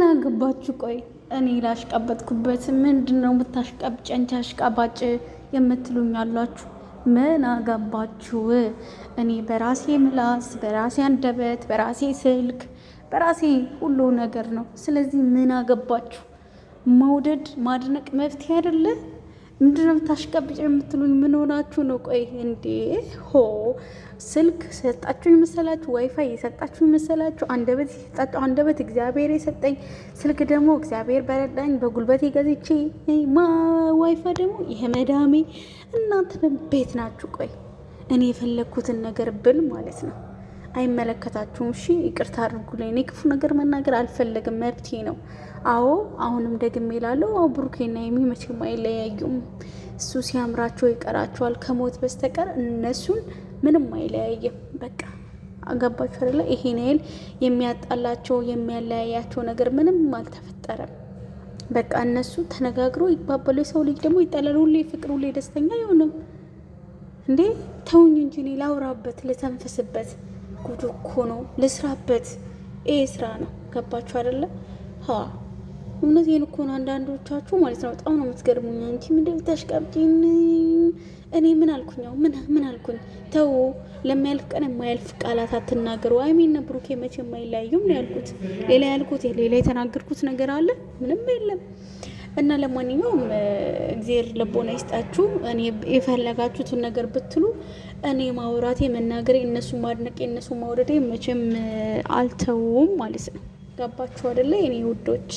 ምን አገባችሁ? ቆይ እኔ ላሽቀበጥኩበት ምንድን ነው የምታሽቃብጨኝ? አሽቃባጭ የምትሉኝ አላችሁ። ምን አገባችሁ? እኔ በራሴ ምላስ፣ በራሴ አንደበት፣ በራሴ ስልክ፣ በራሴ ሁሉ ነገር ነው። ስለዚህ ምን አገባችሁ? መውደድ ማድነቅ መፍትሄ አይደለ? ምንድነው የምታሽቀብጭ የምትሉኝ? ምን ሆናችሁ ነው? ቆይ እንዴ ሆ ስልክ ሰጣችሁ መሰላችሁ? ዋይፋይ የሰጣችሁ መሰላችሁ? አንደበት የሰጣችሁ አንደበት እግዚአብሔር የሰጠኝ ስልክ ደግሞ እግዚአብሔር በረዳኝ በጉልበት ገዝቼ ማ ዋይፋይ ደግሞ ይሄ መዳሜ። እናንተ ቤት ናችሁ። ቆይ እኔ የፈለግኩትን ነገር ብል ማለት ነው አይመለከታችሁም። እሺ ይቅርታ አድርጉልኝ። እኔ ክፉ ነገር መናገር አልፈለግም፣ መብቴ ነው። አዎ አሁንም ደግሜ እላለሁ፣ አዎ ብሩኬና ሀይሚ መቼም አይለያዩም። እሱ ሲያምራቸው ይቀራቸዋል። ከሞት በስተቀር እነሱን ምንም አይለያየም። በቃ አገባችሁ አይደለ? ይሄን ያህል የሚያጣላቸው የሚያለያያቸው ነገር ምንም አልተፈጠረም። በቃ እነሱ ተነጋግሮ ይባበሉ። የሰው ልጅ ደግሞ ይጠላል። ሁሌ ፍቅር፣ ሁሌ ደስተኛ አይሆንም እንዴ! ተውኝ እንጂ እኔ ላውራበት፣ ልተንፍስበት ጉድ እኮ ነው። ልስራበት። ይህ ስራ ነው። ገባችሁ አይደለ? ሀ እውነቴን እኮ ነው። አንዳንዶቻችሁ ማለት ነው በጣም ነው የምትገርሙኝ። አንቺ ምንድን ብታሽቃብጪኝ? እኔ ምን አልኩኝ? ያው ምን ምን አልኩኝ? ተው ለሚያልፍ ቀን የማያልፍ ቃላት አትናገሩ። አይሜን ነው ብሩኬ፣ መቼም አይለያዩም ነው ያልኩት። ሌላ ያልኩት ሌላ የተናገርኩት ነገር አለ? ምንም የለም። እና ለማንኛውም እግዜር ልቦና ይስጣችሁ። እኔ የፈለጋችሁትን ነገር ብትሉ እኔ ማውራቴ መናገሬ፣ እነሱ ማድነቄ፣ እነሱ ማውረዴ መቼም አልተውም ማለት ነው። ገባችሁ አደለ እኔ ውዶች?